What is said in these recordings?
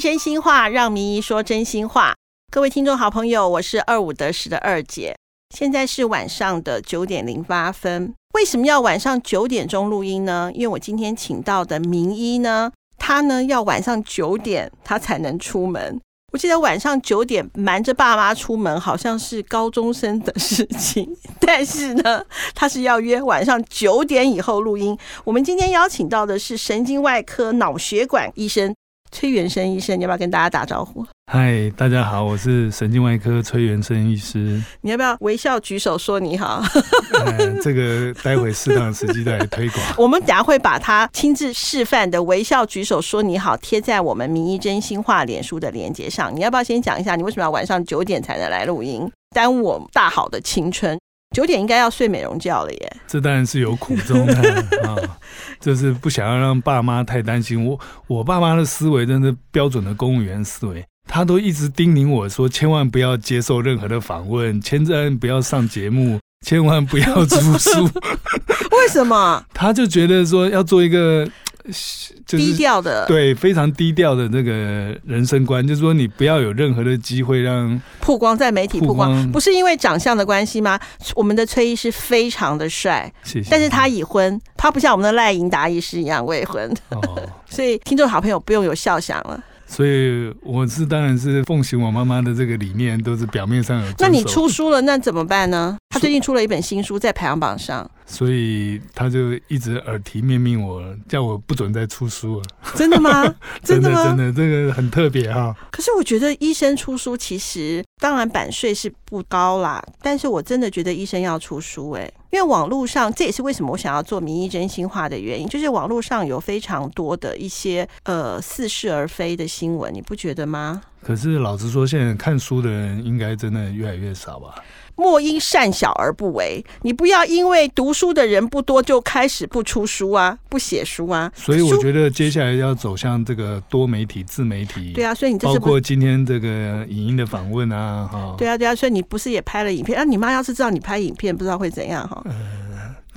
真心話讓名醫說真心話，各位聽眾好朋友，我是二五得十的二姐，現在是晚上的九點零八分。為什麼要晚上九點鐘錄音呢？因為我今天請到的名醫呢，他呢要晚上九點他才能出門。我記得晚上九點瞞着爸媽出門，好像是高中生的事情。但是呢，他是要約晚上九點以後錄音。我們今天邀請到的是神經外科、腦血管醫生。崔源生醫生，你要不要跟大家打招呼？嗨，大家好，我是神經外科崔源生醫師。你要不要微笑舉手說你好？ 嗯，這個待會適當的時機再來推廣。 我們等下會把他親自示範的微笑舉手說你好貼在我們名醫真心話臉書的連接上。你要不要先講一下你為什麼要晚上九點才能來錄音？耽誤我大好的青春，九點應該要睡美容覺了耶。這當然是有苦衷的啊。就是不想要讓爸媽太擔心我。我爸媽的思維真是標準的公務員思維，他都一直叮嚀我說，千萬不要接受任何的訪問，千萬不要上節目，千萬不要住宿出書。 為什麼？ 他就覺得說要做一個。就是、低調的，對，非常低調的那個人生觀，就是說你不要有任何的機會讓曝光，曝光在媒體曝光，曝光不是因為長相的關係嗎？我們的崔醫師非常的帥，謝謝，但是他已婚，他不像我們的賴銀達醫師一樣未婚，哦、 所以聽眾好朋友不用有笑響了。所以我是當然是奉行我媽媽的這個理念，都是表面上有。那你出書了，那怎麼辦呢？他最近出了一本新書，在排行榜上。所以他就一直耳提面命我，叫我不准再出書了。真的嗎？真的嗎？ 真的真的，真的，這個很特別啊。可是我覺得醫生出書，其實當然版稅是不高啦，但是我真的覺得醫生要出書，欸，哎，因為網絡上，這也是為什麼我想要做《名醫真心話》的原因，就是網絡上有非常多的一些呃似是而非的新聞，你不覺得嗎？可是老實說，現在看書的人應該真的越來越少吧？莫因善小而不為，你不要因為讀書的人不多就開始不出書啊，不寫書啊。所以我覺得接下來要走向這個多媒體、自媒體。對啊，所以你這包括今天這個影音的訪問啊，哈。對啊，對啊，所以你不是也拍了影片那、啊、你媽要是知道你拍影片，不知道會怎樣哈。呃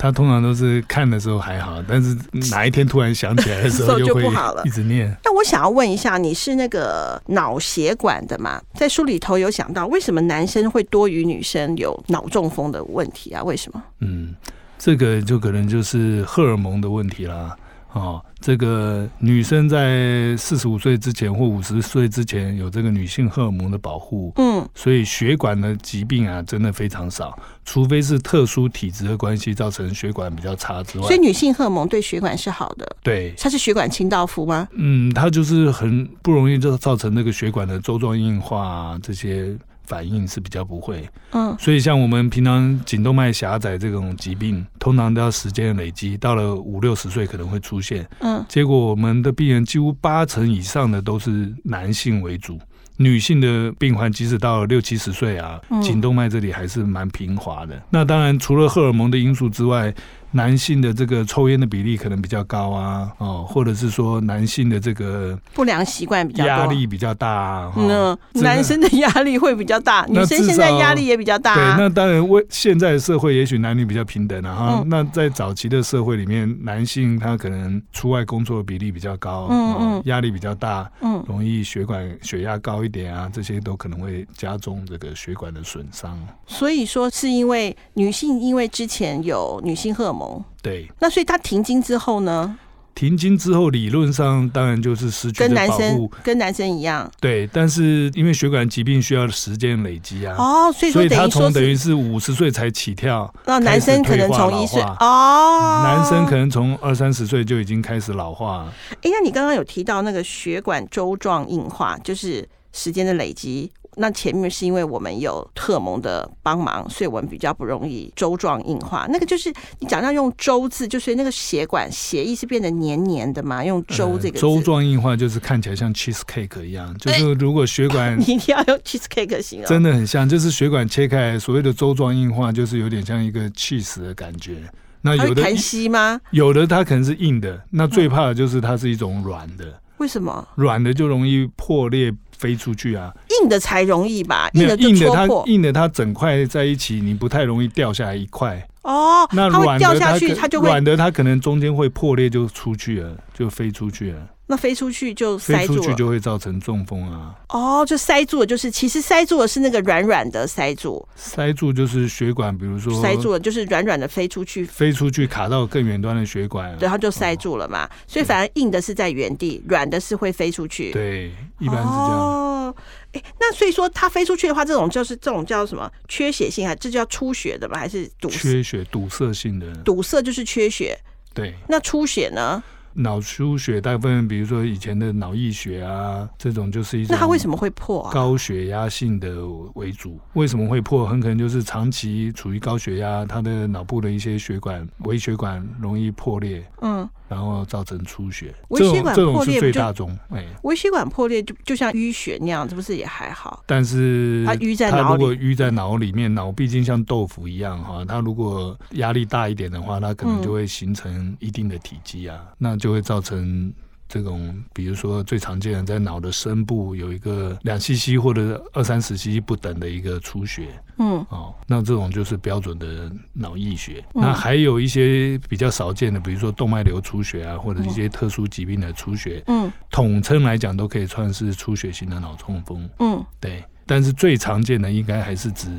他通常都是看的時候還好，但是哪一天突然想起來的時候就， 就不好了，一直念。那我想要問一下，你是那個腦血管的嘛？在書裡頭有想到，為什麼男生會多於女生有腦中風的問題啊？為什麼？嗯，這個就可能就是荷爾蒙的問題啦。哦，這個女生在四十五歲之前或五十歲之前有這個女性荷爾蒙的保護，嗯，所以血管的疾病啊，真的非常少，除非是特殊體質的關係造成血管比較差之外。所以女性荷爾蒙對血管是好的，對，它是血管清道夫嗎？嗯，它就是很不容易就造成那個血管的粥狀硬化啊這些。反應是比較不會，嗯，所以像我們平常頸動脈狹窄這種疾病，通常都要時間累積，到了五六十歲可能會出現，嗯，結果我們的病人幾乎八成以上的都是男性為主，女性的病患即使到了六七十歲啊，嗯，頸動脈這裡還是蠻平滑的。那當然，除了荷爾蒙的因素之外。男性的這個抽煙的比例可能比較高啊，哦，或者是說男性的這個不良習慣比較壓力比較大啊。大啊那的男生的壓力會比較大，女生現在壓力也比較大，啊。對，那當然，為現在的社會，也許男女比較平等啊哈，嗯啊。那在早期的社會裡面，男性他可能出外工作的比例比較高，嗯，嗯，壓力比較大，嗯，容易血管血壓高一點啊，嗯，這些都可能會加重這個血管的損傷。所以說，是因為女性因為之前有女性荷爾蒙。對，那所以他停經之後呢？停經之後，理論上當然就是失去跟男生，跟男生一樣。對，但是因為血管疾病需要時間累積啊，哦，所以等於說是所以他從等於是五十歲才起跳，那、哦、男生可能從一歲化哦，男生可能從二三十歲就已經開始老化了。哎，那你剛剛有提到那個血管粥狀硬化，就是時間的累積。那前面是因為我們有特蒙的幫忙，所以我們比較不容易粥狀硬化。那個就是你講到用“粥字，就是那個血管血液是變得黏黏的嘛？用“粥這個、呃。粥狀硬化就是看起來像 cheesecake 一樣，欸、就是如果血管你一定要用 cheesecake 型，哦，真的很像，就是血管切開，所謂的粥狀硬化就是有點像一個 cheese 的感覺。那有的彈性嗎？有的它可能是硬的，那最怕的就是它是一種軟的。為什麼軟的就容易破裂？欸飛出去啊！硬的才容易吧，硬的戳破硬的它，硬的它整塊在一起，你不太容易掉下來一塊。哦，那軟的它它會掉下去，它就會軟的，它可能中間會破裂，就出去了，就飛出去了。那飛出去就塞住了，飛出去就會造成中風啊！哦，就塞住了，就是其實塞住的是那個軟軟的塞住。塞住就是血管，比如說塞住了，就是軟軟的飛出去，飛出去卡到更遠端的血管，然後就塞住了嘛。哦、所以反而硬的是在原地，軟對的是會飛出去。對，一般是這樣。哦，哎、欸，那所以說它飛出去的話，這種就是這種叫什麼？缺血性啊？這叫出血的嗎？還是堵？缺血堵塞性的堵塞就是缺血。對，那出血呢？腦出血大部分，比如說以前的腦溢血啊，這種就是一種。那它為什麼會破啊？高血壓性的為主，為什麼會破？很可能就是長期處於高血壓，它的腦部的一些血管、微血管容易破裂，嗯，然後造成出血。微血管破裂這種這種是最大宗，哎，微血管破裂就就像淤血那樣，是不是也還好？但是它淤、啊、在腦，如果淤在腦裡面，腦畢竟像豆腐一樣哈、啊，它如果壓力大一點的話，它可能就會形成一定的體積啊，嗯、那。就會造成這種，比如說最常見的，在腦的深部有一個兩 cc 或者二三十 cc 不等的一個出血，嗯，哦，那這種就是標準的腦溢血。嗯、那還有一些比較少見的，比如說動脈瘤出血啊，或者一些特殊疾病的出血，嗯，統稱來講都可以算是出血型的腦中風，嗯，對。但是最常見的應該還是指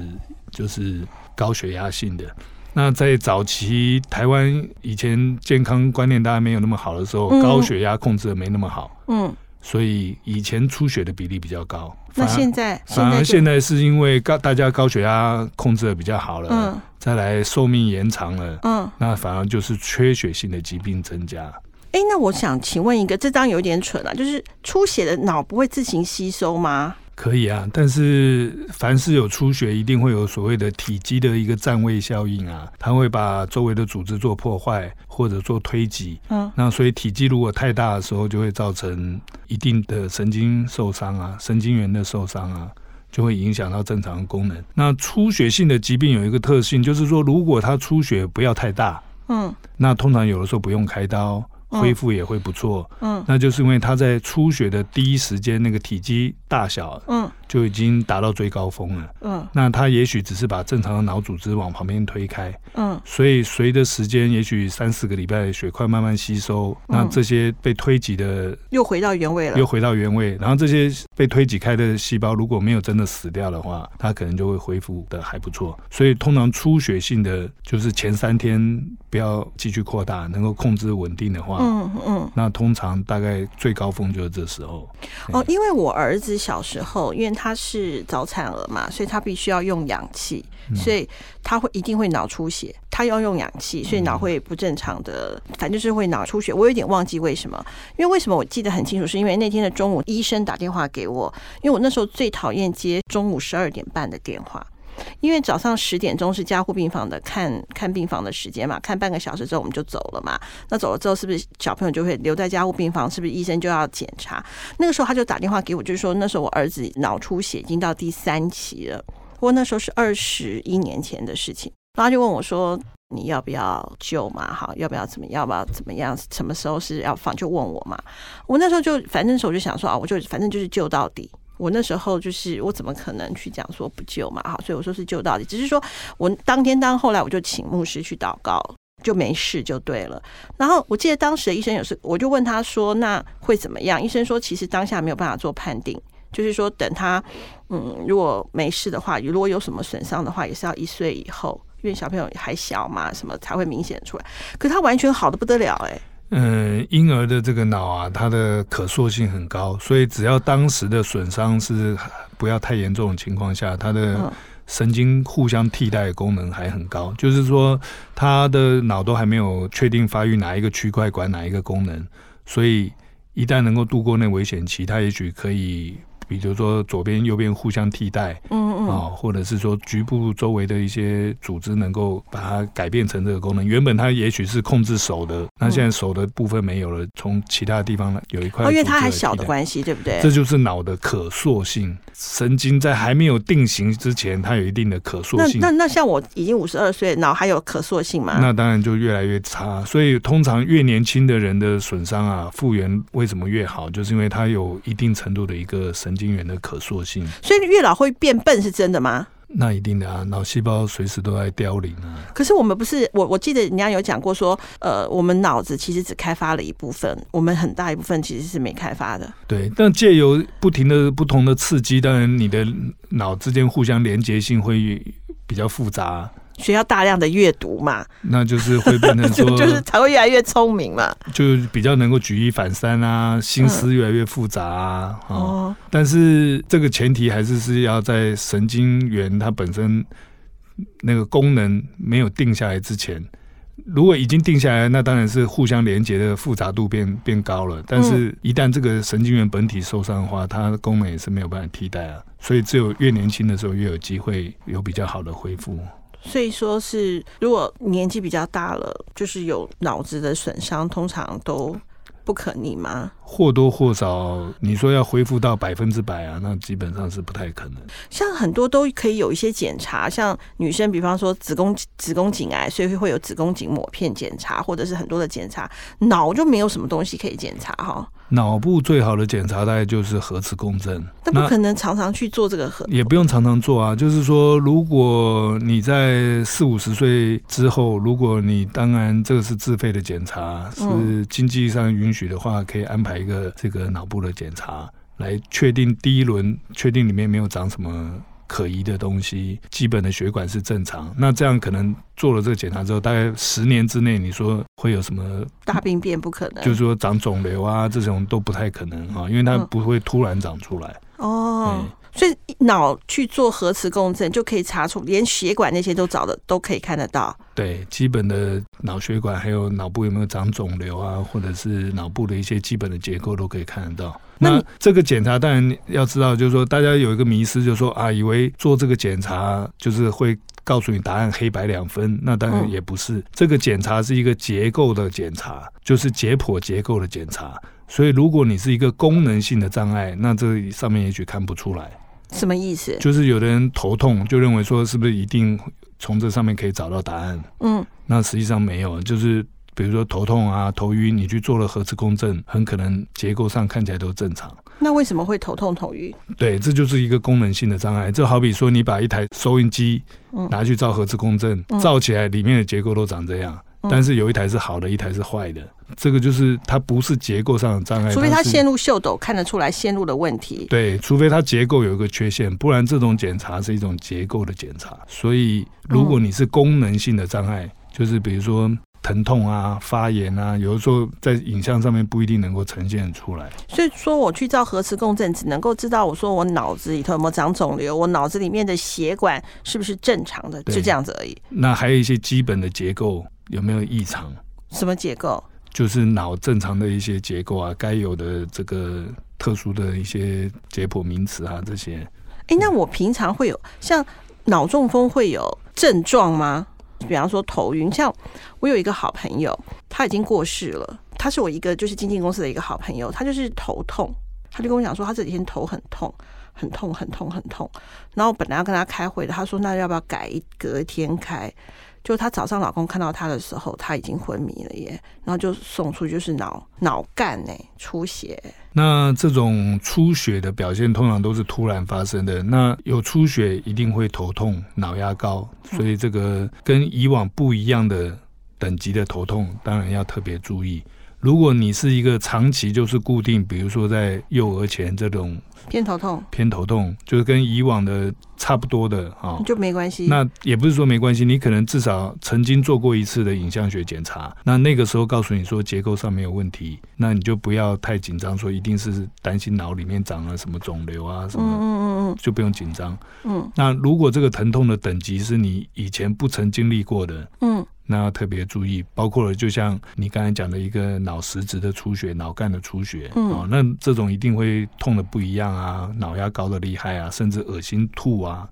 就是高血壓性的。那在早期台灣以前健康觀念大家沒有那麼好的時候，高血壓控制的沒那麼好，嗯，嗯，所以以前出血的比例比較高。那現在，現在反而現在是因為高大家高血壓控制的比較好了，嗯，再來壽命延長了，嗯，那反而就是缺血性的疾病增加。哎，欸，那我想請問一個，這張有點蠢啊，就是出血的腦不會自行吸收嗎？可以啊，但是凡是有出血，一定會有所謂的體積的一個佔位效應啊，它會把周圍的組織做破壞或者做推擠，嗯，那所以體積如果太大的時候，就會造成一定的神經受傷啊，神經元的受傷啊，就會影響到正常的功能。那出血性的疾病有一個特性，就是說如果它出血不要太大，嗯，那通常有的時候不用開刀，恢復也會不錯，嗯，嗯，那就是因為它在出血的第一時間，那個體積。大小嗯，就已經達到最高峰了。嗯，那他也許只是把正常的腦組織往旁邊推開。嗯，所以隨着時間，也許三四個禮拜，血塊慢慢吸收，嗯、那這些被推擠的又回到原位了，又回到原位。然後這些被推擠開的細胞，如果沒有真的死掉的話，它可能就會恢復的還不錯。所以通常出血性的就是前三天不要繼續擴大，能夠控制穩定的話，嗯嗯，嗯，那通常大概最高峰就是這時候。嗯、哦，因為我兒子，小時候，因為他是早產兒嘛，所以他必須要用氧氣，所以他會一定會腦出血。他要用氧氣，所以腦會不正常的，反正就是會腦出血。我有點忘記為什麼，因為為什麼我記得很清楚，是因為那天的中午醫生打電話給我，因為我那時候最討厭接中午十二點半的電話。因為早上十點鐘是加護病房的看看病房的時間嘛，看半個小時之後我們就走了嘛。那走了之後是不是小朋友就會留在加護病房？是不是醫生就要檢查？那個時候他就打電話給我就，就是說那時候我兒子腦出血已經到第三期了。我那時候是二十一年前的事情，然後他就問我說你要不要救嘛？好，要不要怎麼？要不要怎麼樣？什麼時候是要放？就問我嘛。我那時候就反正時候就想說啊、哦，我就反正就是救到底。我那時候就是，我怎麼可能去講說不救嘛？哈，所以我說是救到底，只是說我當天當後來我就請牧師去禱告，就沒事就對了。然後我記得當時的醫生也是，我就問他說：“那會怎麼樣？”醫生說：“其實當下沒有辦法做判定，就是說等他，嗯，如果沒事的話，如果有什麼損傷的話，也是要一歲以後，因為小朋友還小嘛，什麼才會明顯出來。可他完全好得不得了、欸，誒。嗯，嬰兒的這個腦啊，它的可塑性很高，所以只要當時的損傷是不要太嚴重的情況下，它的神經互相替代的功能還很高。就是說，他的腦都還沒有確定發育哪一個區塊管哪一個功能，所以一旦能夠度過那危險期，他也許可以。比如說左邊右邊互相替代，嗯嗯、啊，或者是說局部周圍的一些組織能夠把它改變成這個功能。原本它也許是控制手的，那現在手的部分沒有了，從其他地方來有一塊。哦，因為它還小的關係，對不對？這就是腦的可塑性，神經在還沒有定型之前，它有一定的可塑性。那那那像我已經五十二歲，腦還有可塑性嗎？那當然就越來越差。所以通常越年輕的人的損傷啊，復原為什麼越好？就是因為它有一定程度的一個神。神經元的可塑性。所以你越老會變笨是真的嗎？那一定的啊，腦細胞隨時都在凋零啊。可是我們不是我我記得人家有講過說，呃，我們腦子其實只開發了一部分，我們很大一部分其實是沒開發的。對，但借由不停的不同的刺激，當然你的腦之間互相連接性會比較複雜。需要大量的閱讀嘛，那就是會變成說， 就是才會越來越聰明嘛。就比較能夠舉一反三啊，心思越來越複雜啊。嗯、哦。但是這個前提還是是要在神經元它本身那個功能沒有定下來之前。如果已經定下來，那當然是互相連接的複雜度變變高了。但是一旦這個神經元本體受傷的話，它的功能也是沒有辦法替代啊。所以只有越年輕的時候，越有機會有比較好的恢復。所以說是，如果年紀比較大了，就是有腦子的損傷，通常都不可逆嗎？或多或少，你說要恢復到百分之百啊，那基本上是不太可能。像很多都可以有一些檢查，像女生，比方說子宮子宮頸癌，所以會有子宮頸抹片檢查，或者是很多的檢查。腦就沒有什麼東西可以檢查哈。腦部最好的檢查大概就是核磁共振，那不可能常常去做這個核，也不用常常做啊。就是說，如果你在四五十歲之後，如果你當然這個是自費的檢查，是經濟上允許的話，可以安排一個這個腦部的檢查，來確定第一輪，確定裡面沒有長什麼。可疑的東西，基本的血管是正常。那這樣可能做了這個檢查之後，大概十年之內，你說會有什麼大病變？不可能。就是說長腫瘤啊，這種都不太可能啊，嗯、因為它不會突然長出來。哦，嗯、所以腦去做核磁共振就可以查出，連血管那些都找的都可以看得到。對，基本的腦血管，還有腦部有沒有長腫瘤啊，或者是腦部的一些基本的結構都可以看得到。那這個檢查當然要知道，就是說大家有一個迷思，就是說啊，以為做這個檢查就是會告訴你答案黑白兩分，那當然也不是。這個檢查是一個結構的檢查，就是解剖結構的檢查。所以如果你是一個功能性的障礙，那這上面也許看不出來。什麼意思？就是有的人頭痛，就認為說是不是一定從這上面可以找到答案？嗯，那實際上沒有，就是。比如說頭痛啊、頭暈，你去做了核磁共振，很可能結構上看起來都正常。那為什麼會頭痛頭暈？對，這就是一個功能性的障礙。就好比說，你把一台收音機拿去照核磁共振，嗯、照起來裡面的結構都長這樣，嗯、但是有一台是好的，一台是壞的。嗯、這個就是它不是結構上的障礙，除非它線路秀逗，看得出來線路的問題。對，除非它結構有一個缺陷，不然這種檢查是一種結構的檢查。所以，如果你是功能性的障礙，嗯、就是比如說。疼痛啊、發炎啊，有的時候在影像上面不一定能夠呈現出來。所以說，我去照核磁共振，只能夠知道我說我腦子裡頭有沒有長腫瘤，我腦子裡面的血管是不是正常的，對就這樣子而已。那還有一些基本的結構有沒有異常？什麼結構？就是腦正常的一些結構啊，該有的這個特殊的一些解剖名詞啊，這些。哎、欸，那我平常會有像腦中風會有症狀嗎？比方說頭暈，像我有一個好朋友，他已經過世了，他是我一個就是經紀公司的一個好朋友，他就是頭痛，他就跟我講說他這幾天頭很痛，很痛，很痛，很痛，然後本來要跟他開會的，他說那要不要改隔天開？就她早上老公看到她的時候，她已經昏迷了耶，然後就送出去就是腦腦幹誒出血。那這種出血的表現通常都是突然發生的，那有出血一定會頭痛、腦壓高，所以這個跟以往不一樣的等級的頭痛，當然要特別注意。如果你是一個長期就是固定，比如說在幼兒前這種。偏頭痛，偏頭痛就是跟以往的差不多的啊，哦，就沒關係。那也不是說沒關係，你可能至少曾經做過一次的影像學檢查，那那個時候告訴你說結構上沒有問題，那你就不要太緊張，說一定是擔心腦裡面長了什麼腫瘤啊什麼，嗯，嗯嗯嗯，就不用緊張。嗯，那如果這個疼痛的等級是你以前不曾經歷過的，嗯。那要特別注意，包括了就像你剛才講的一個腦實質的出血、腦幹的出血、嗯哦，那這種一定會痛的不一樣啊，腦壓高的厲害啊，甚至噁心吐啊，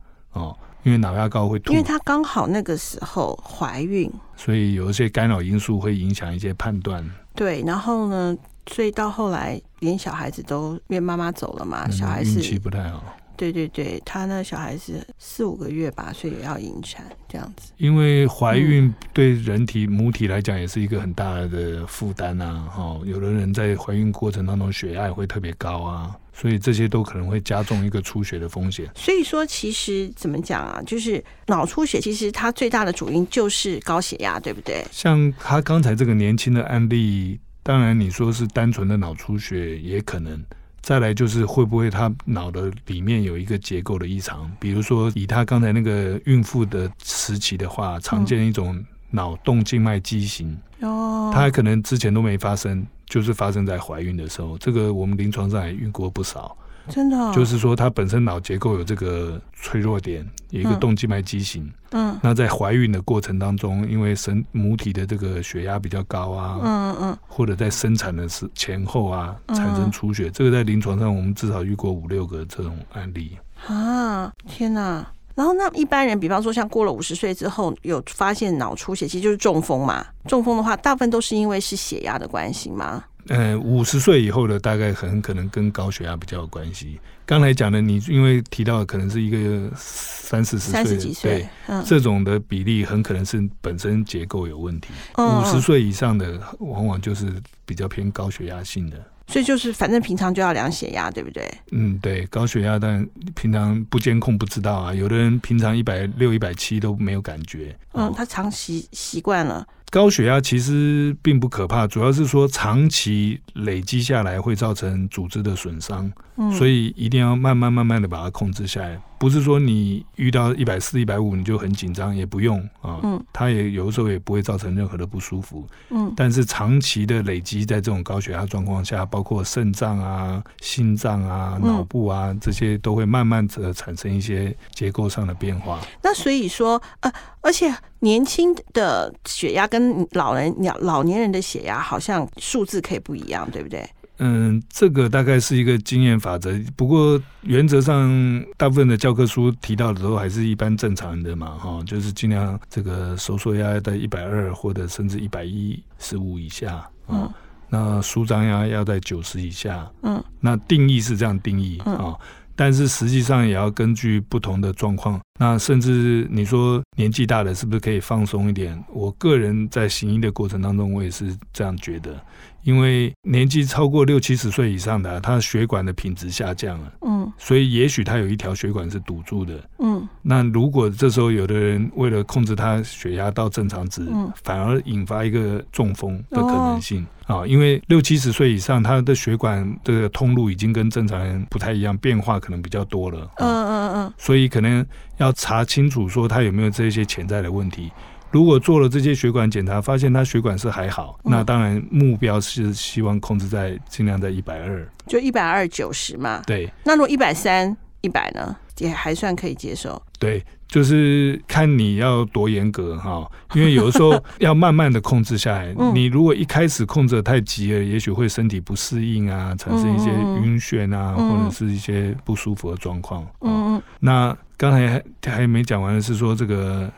因為腦壓高會吐。因為她剛好那個時候懷孕，所以有一些干擾因素會影響一些判斷。對，然後呢，所以到後來連小孩子都因為媽媽走了嘛，小孩子運氣不太好。對對對，他那小孩子四五個月吧，所以也要引產這樣子。因為懷孕對人體母體來講也是一個很大的負擔啊，哈、哦，有的人在懷孕過程當中血壓也會特別高啊，所以這些都可能會加重一個出血的風險。所以說，其實怎麼講啊，就是腦出血其實它最大的主因就是高血壓，對不對？像他剛才這個年輕的案例，當然你說是單純的腦出血也可能。再來就是會不會他腦的裡面有一個結構的異常，比如說以他剛才那個孕婦的時期的話，常見一種腦動靜脈畸形。哦，他還可能之前都沒發生，就是發生在懷孕的時候。這個我們臨床上還遇過不少。真的、哦，就是說，他本身腦結構有這個脆弱點，有一個動靜脈畸形，嗯。嗯，那在懷孕的過程當中，因為身母體的這個血壓比較高啊，嗯嗯嗯，嗯或者在生產的時前後啊，產生出血，嗯，這個在臨床上我們至少遇過五六個這種案例。啊，天哪，然後那一般人，比方說像過了五十歲之後，有發現腦出血，其實就是中風嘛。中風的話，大部分都是因為是血壓的關係嗎？嗯，五十歲以後的大概很可能跟高血壓比較有關係。剛才講的你，因為提到的可能是一個三四十歲，三十幾歲、對、嗯、這種的比例很可能是本身結構有問題。五十歲以上的，往往就是比較偏高血壓性的。所以就是，反正平常就要量血壓，對不對？嗯，對，高血壓但平常不監控不知道啊。有的人平常一百六、一百七都沒有感覺。嗯，他長期習慣了。高血壓其實並不可怕，主要是說長期累積下來會造成組織的損傷，嗯，所以一定要慢慢慢慢的把它控制下來。不是說你遇到一百四、一百五你就很緊張，也不用啊，嗯，它也有的時候也不會造成任何的不舒服。嗯，但是長期的累積在這種高血壓狀況下，包括腎臟啊、心臟啊、嗯，腦部啊這些，都會慢慢的產生一些結構上的變化。那所以說，呃，而且。年輕的血壓跟老人、老老年人的血壓好像數字可以不一樣，對不對？嗯，這個大概是一個經驗法則。不過原則上，大部分的教科書提到的都還是一般正常的嘛，哈、哦，就是盡量這個收縮壓要在一百二或者甚至一百一十五以下。嗯，那舒張壓要在九十以下。哦、嗯，那，那定義是這樣定義啊。嗯哦但是實際上也要根據不同的狀況，那甚至你說年紀大的是不是可以放鬆一點？我個人在行醫的過程當中，我也是這樣覺得。因為年紀超過六七十歲以上的、啊，他血管的品質下降了，嗯，所以也許他有一條血管是堵住的，嗯，那如果這時候有的人為了控制他血壓到正常值，嗯、反而引發一個中風的可能性哦哦啊，因為六七十歲以上他的血管這個通路已經跟正常人不太一樣，變化可能比較多了，嗯嗯，嗯嗯，所以可能要查清楚說他有沒有這些潛在的問題。如果做了這些血管檢查，發現他血管是還好，嗯、那當然目標是希望控制在盡量在一百二，就一百二九十嘛。對，那如果一百三、一百呢，也還算可以接受。對，就是看你要多嚴格哈，因為有的時候要慢慢的控制下來。 你如果一開始控制得太急了，也許會身體不適應啊，產生一些暈眩啊，嗯、或者是一些不舒服的狀況。嗯嗯。那剛才還沒講完的是說這個。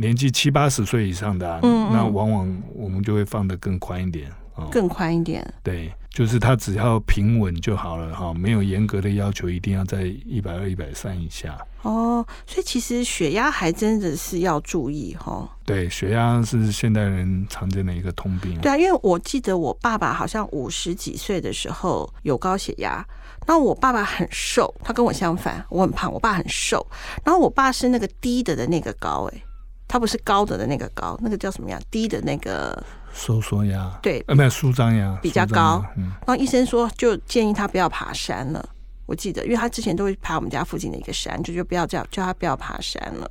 年紀七八十歲以上的、啊，嗯嗯那往往我們就會放得更寬一點啊，更寬一點。哦、一點對，就是他只要平穩就好了哈、哦，沒有嚴格的要求，一定要在一百二、一百三以下。哦，所以其實血壓還真的是要注意哈。哦、對，血壓是現代人常見的一個通病。對啊，因為我記得我爸爸好像五十幾歲的時候有高血壓，那我爸爸很瘦，他跟我相反，我很胖，我爸很瘦，然後我爸是那個低的的那個高、欸，哎。他不是高的的那個高，那個叫什麼呀？低的那個收縮壓，對，呃、啊，沒有舒張壓比較高。嗯，然後醫生說就建議他不要爬山了。我記得，因為他之前都會爬我們家附近的一個山，就就不要叫叫他不要爬山了。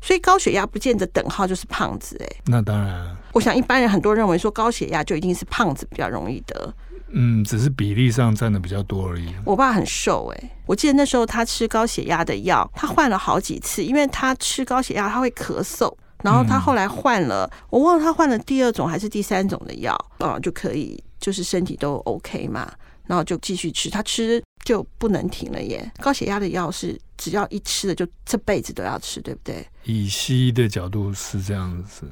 所以高血壓不見得等號就是胖子哎、欸，那當然、啊。我想一般人很多人認為說高血壓就一定是胖子比較容易得。嗯，只是比例上佔的比較多而已。我爸很瘦哎、欸，我記得那時候他吃高血壓的藥，他換了好幾次，因為他吃高血壓他會咳嗽，然後他後來換了，嗯、我忘了他換了第二種還是第三種的藥，啊、嗯、就可以就是身體都 OK 嘛，然後就繼續吃，他吃就不能停了耶。高血壓的藥是只要一吃了就這輩子都要吃，對不對？以西醫的角度是這樣子。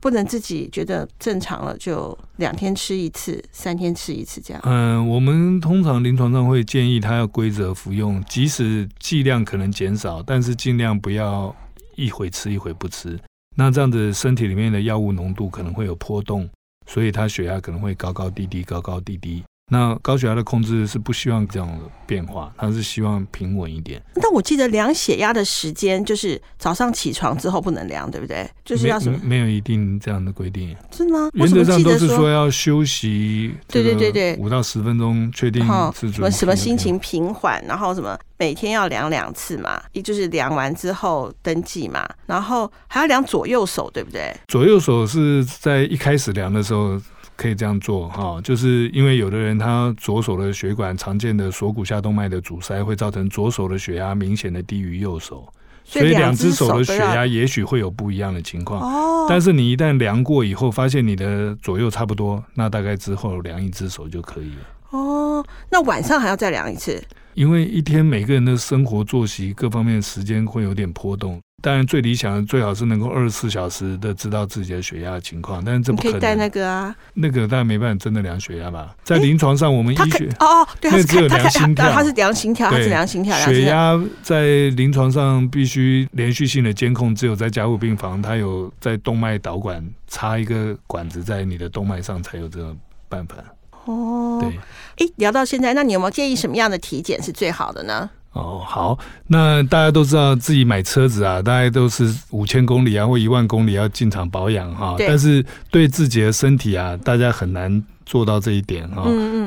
不能自己覺得正常了就兩天吃一次、嗯、三天吃一次這樣。嗯，我們通常臨床上會建議他要規則服用，即使劑量可能減少，但是儘量不要一回吃一回不吃。那這樣子身體裡面的藥物濃度可能會有波動，所以他血壓可能會高高低低、高高低低。那高血壓的控制是不希望這樣的變化，它是希望平穩一點。但我記得量血壓的時間就是早上起床之後不能量，對不對？就是要什麼？沒有沒有一定這樣的規定，真的嗎？我記得原則上都是說要休息，對對對對，五到十分鐘確定，是什麼什麼心情平緩，然後什麼每天要量兩次嘛，也就是量完之後登記嘛，然後還要量左右手，對不對？左右手是在一開始量的時候。可以這樣做哈，哦，就是因為有的人他左手的血管常見的鎖骨下動脈的阻塞，會造成左手的血壓明顯的低於右手，所以兩隻手的血壓也許會有不一樣的情況。哦，但是你一旦量過以後，發現你的左右差不多，那大概之後量一隻手就可以了。哦，那晚上還要再量一次？因為一天每個人的生活作息各方面的時間會有點波動。當然，最理想的最好是能夠二十四小時的知道自己的血壓情況，但是這不可能，你可以帶那個但、啊、當然沒辦法真的量血壓吧，在臨床上我們醫學哦哦，對，他可以量心跳，他是量心跳，他是量心跳。對血壓在臨床上必須連續性的監控，只有在加護病房，他有在動脈導管插一個管子在你的動脈上，才有這個辦法。哦，對，哎、欸，聊到現在，那你有沒有建議什麼樣的體檢是最好的呢？哦，好，那大家都知道自己買車子啊，大概都是五千公里啊或一萬公里要進廠保養哈，對但是對自己的身體啊，大家很難。做到這一點啊，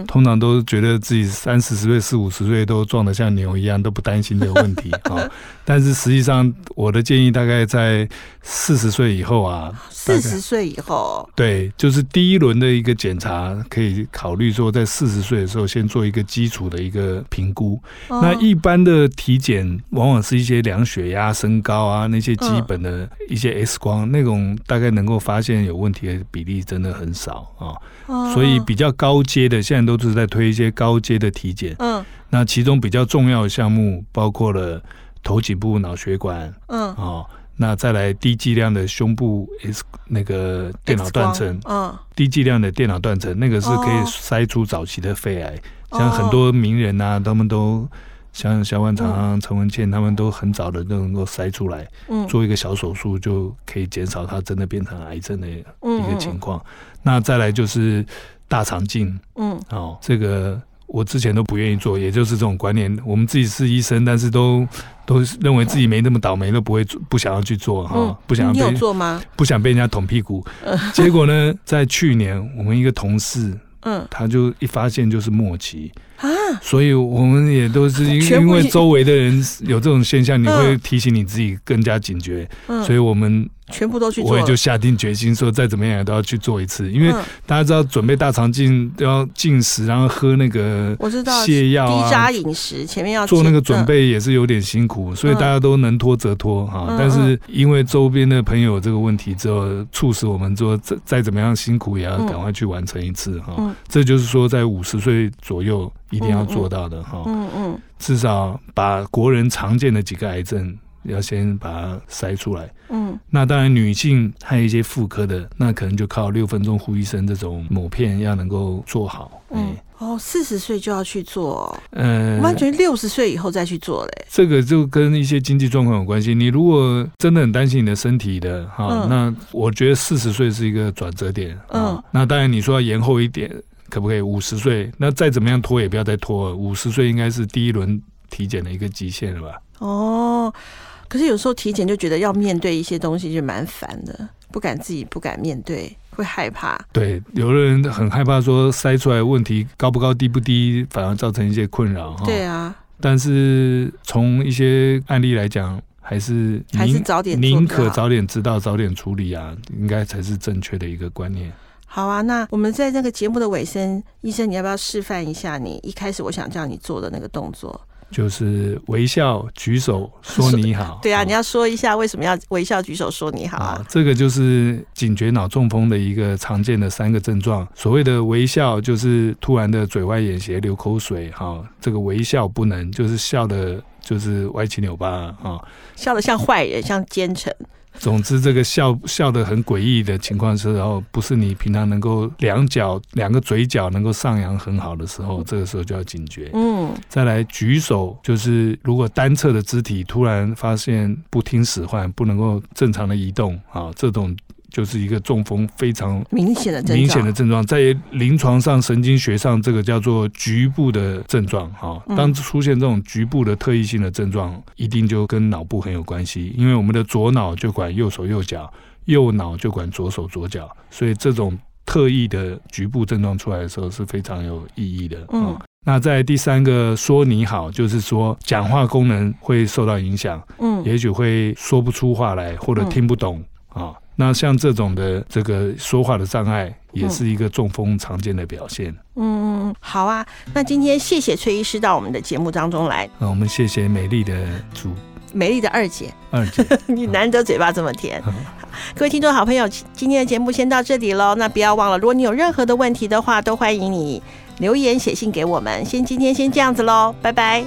通常都是覺得自己三四十歲、四五十歲都壯得像牛一樣，都不擔心這個問題啊。 但是實際上，我的建議大概在四十歲以後啊。四十歲以後。對，就是第一輪的一個檢查，可以考慮說在四十歲的時候先做一個基礎的一個評估。哦、那一般的體檢，往往是一些量血壓、身高啊，那些基本的一些 X 光 S、嗯、 那種，大概能夠發現有問題的比例真的很少啊。所以。嗯、比較高階的，現在都是在推一些高階的體檢。嗯，那其中比較重要的項目包括了頭頸部腦血管，嗯哦，那再來低劑量的胸部 S，那個電腦斷層，嗯，低劑量的電腦斷層，那個是可以篩出早期的肺癌，哦、像很多名人啊，哦、他們都像小萬、常陳文茜，他們都很早的都能夠篩出來，嗯，做一個小手術就可以減少他真的變成癌症的一個情況。嗯、那再來就是。大腸鏡，嗯，哦，這個我之前都不願意做，也就是這種觀念，我們自己是醫生，但是都都認為自己沒那麼倒霉，都不會做，不想要去做哈、嗯，哦，不想要被，做嗎？不想被人家捅屁股。嗯，結果呢，在去年，我們一個同事，嗯，他就一發現就是末期。啊！所以我們也都是因,因為周圍的人有這種現象，嗯、你會提醒你自己更加警覺。嗯、所以我們全部都去做，我也就下定決心說，再怎麼樣也都要去做一次，因為大家知道準備大腸鏡都要禁食，然後喝那個瀉藥啊。低渣飲食前面要前做那個準備也是有點辛苦，所以大家都能拖則拖哈。嗯、但是因為周邊的朋友這個問題之後、嗯嗯、促使我們說，再再怎麼樣辛苦也要趕快去完成一次哈、嗯嗯。這就是說，在五十歲左右。一定要做到的哈、嗯，嗯嗯，至少把國人常見的幾個癌症要先把它篩出來，嗯，那當然女性還有一些婦科的，那可能就靠六分鐘護一生這種抹片要能夠做好，哎、嗯，嗯、哦，四十歲就要去做、哦，嗯，我感覺六十歲以後再去做嘞，這個就跟一些經濟狀況有關係，你如果真的很擔心你的身體的哈，哦嗯、那我覺得四十歲是一個轉折點，哦、嗯，那當然你說要延後一點。可不可以五十歲？那再怎麼樣拖也不要再拖了。五十歲應該是第一輪體檢的一個極限了吧？哦，可是有時候體檢就覺得要面對一些東西就蠻煩的，不敢，自己不敢面對，會害怕。對，有的人很害怕說篩出來問題高不高低不低，反而造成一些困擾。對啊，但是從一些案例來講，還是還是早點，寧可早點知道，早點處理啊，應該才是正確的一個觀念。好啊，那我們在這個節目的尾聲，醫生你要不要示範一下你一開始我想叫你做的那個動作？就是微笑、舉手、說你好。 對啊，哦、你要說一下為什麼要微笑、舉手、說你好啊？啊這個就是警覺腦中風的一個常見的三個症狀。所謂的微笑，就是突然的嘴歪眼斜、流口水哈、哦。這個微笑不能，就是笑得，就是歪七扭八哈，哦、笑得像壞人，嗯、像奸臣。總之，這個笑笑得很詭異的情況是，然後不是你平常能夠兩腳兩個嘴角能夠上揚很好的時候，這個時候就要警覺。嗯，再來舉手，就是如果單側的肢體突然發現不聽使喚，不能夠正常的移動啊，這種就是一個中風非常明顯的明顯的症狀，在臨床上神經學上，這個叫做局部的症狀哈、哦。當出現這種局部的特異性的症狀，一定就跟腦部很有關係。因為我們的左腦就管右手右腳，右腦就管左手左腳，所以這種特異的局部症狀出來的時候是非常有意義的。嗯，那在第三個說你好，就是說講話功能會受到影響，嗯，也許會說不出話來或者聽不懂啊、哦。那像這種的這個說話的障礙，也是一個中風常見的表現。嗯，好啊。那今天謝謝崔醫師到我們的節目當中來。那、嗯、我們謝謝美麗的主，美麗的二姐。二姐， 你難得嘴巴這麼甜。嗯、好，各位聽眾好朋友，今天的節目先到這裡嘍。那不要忘了，如果你有任何的問題的話，都歡迎你留言寫信給我們。先今天先這樣子嘍，拜拜。